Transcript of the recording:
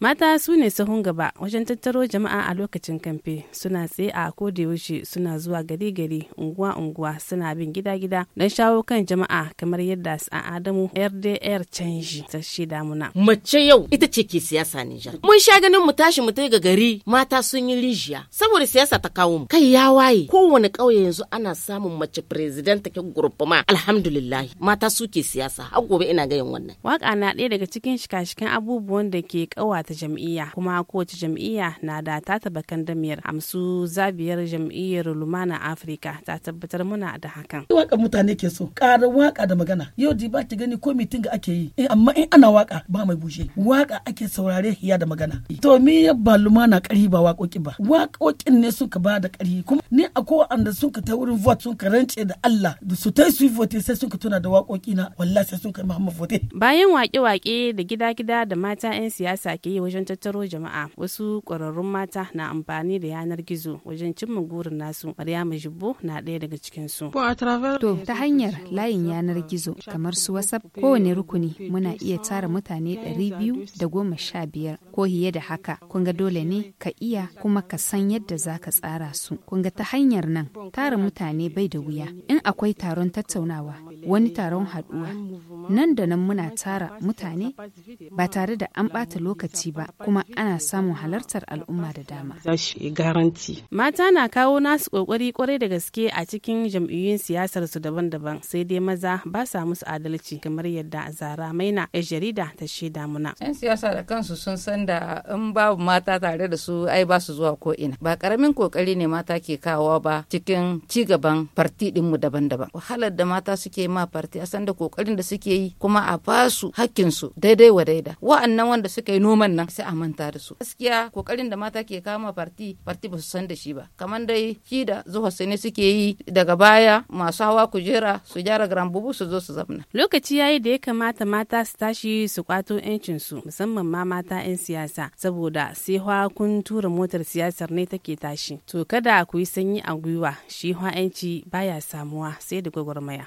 Mata su ne sahun gaba wajen tattaro jama'a a lokacin kamfe suna tsaye a yaushe suna zuwa gari-gari unguwa-unguwa suna bin gida-gida don shawo kan jama'a kamar yadda a Adamu RDR canji ta shida muna. Mace yau ita ce ke siyasa Nijar. Mun sha ganin mu tashi mu ga gari mata sun yi rijiya saboda siyasa ta kawo mu. Kai ya waye kowane ƙauye yanzu ana samun mace president take gurfama alhamdulillah mata su ke siyasa har gobe ina yin wannan. Waka na ɗaya daga cikin shika-shikan abubuwan da ke ƙawata ta jam'iyya kuma kowace jam'iyya na da ta bakan damiyar amsu zabiyar jam'iyyar lumana afirka ta tabbatar muna da hakan waka mutane ke so ƙara waka da magana yau di ba ta gani ko mitin ga ake yi eh, amma in ana waka ba mai bushe waka ake saurare ya da magana to me ya ba lumana ƙarfi ba waƙoƙi ba waƙoƙin ne suka ba da ƙarfi kuma ni akwai sun suka ta wurin vote suka rance da Allah da su ta su vote sai suka tuna da waƙoƙi na wallahi sai suka Muhammad vote bayan waƙe-waƙe da gida-gida da mata 'yan siyasa ke yi wajen tattaro jama'a wasu ƙwararrun mata na amfani da yanar gizo wajen cimma gurin nasu Maryama Jibbo na ɗaya daga cikin su. To ta hanyar layin yanar gizo kamar su WhatsApp kowane rukuni muna iya tara mutane ɗari biyu da goma sha biyar ko hiye da haka kun ga dole ne ka iya kuma ka san yadda za ka tsara su kun ga ta hanyar nan tara mutane bai da wuya in akwai taron tattaunawa wani taron haɗuwa nan da nan muna tara mutane ba tare da an ɓata lokaci ba kuma ana samun halartar al'umma da dama. Mata na kawo nasu ƙoƙari kwarai da gaske a cikin jam'iyyun siyasar su daban-daban sai dai maza ba sa musu adalci kamar yadda Zara Maina ya jarida ta shaida muna. 'Yan siyasa da kansu sun san da in babu mata tare da su ai ba su zuwa ko ina. Ba karamin kokari ne mata ke kawo ba cikin ci gaban farti ɗinmu daban-daban. Wahalar da mata suke ma farti a san da kokarin da suke yi kuma a basu su daidai wa daida wa'annan wanda suka yi noman nan sai a manta da su gaskiya kokarin da mata ke kama farti farti ba su san da shi ba kamar dai ki da zuwa ne suke yi daga baya masu hawa kujera su gyara bubu su zo su zamna lokaci yayi da ya kamata mata su tashi su kwato yancin su musamman ma mata yan siyasa saboda sai hawa kun tura motar siyasar ne take tashi to kada ku yi sanyi a gwiwa shi hawa yanci baya samuwa sai da gwagwarmaya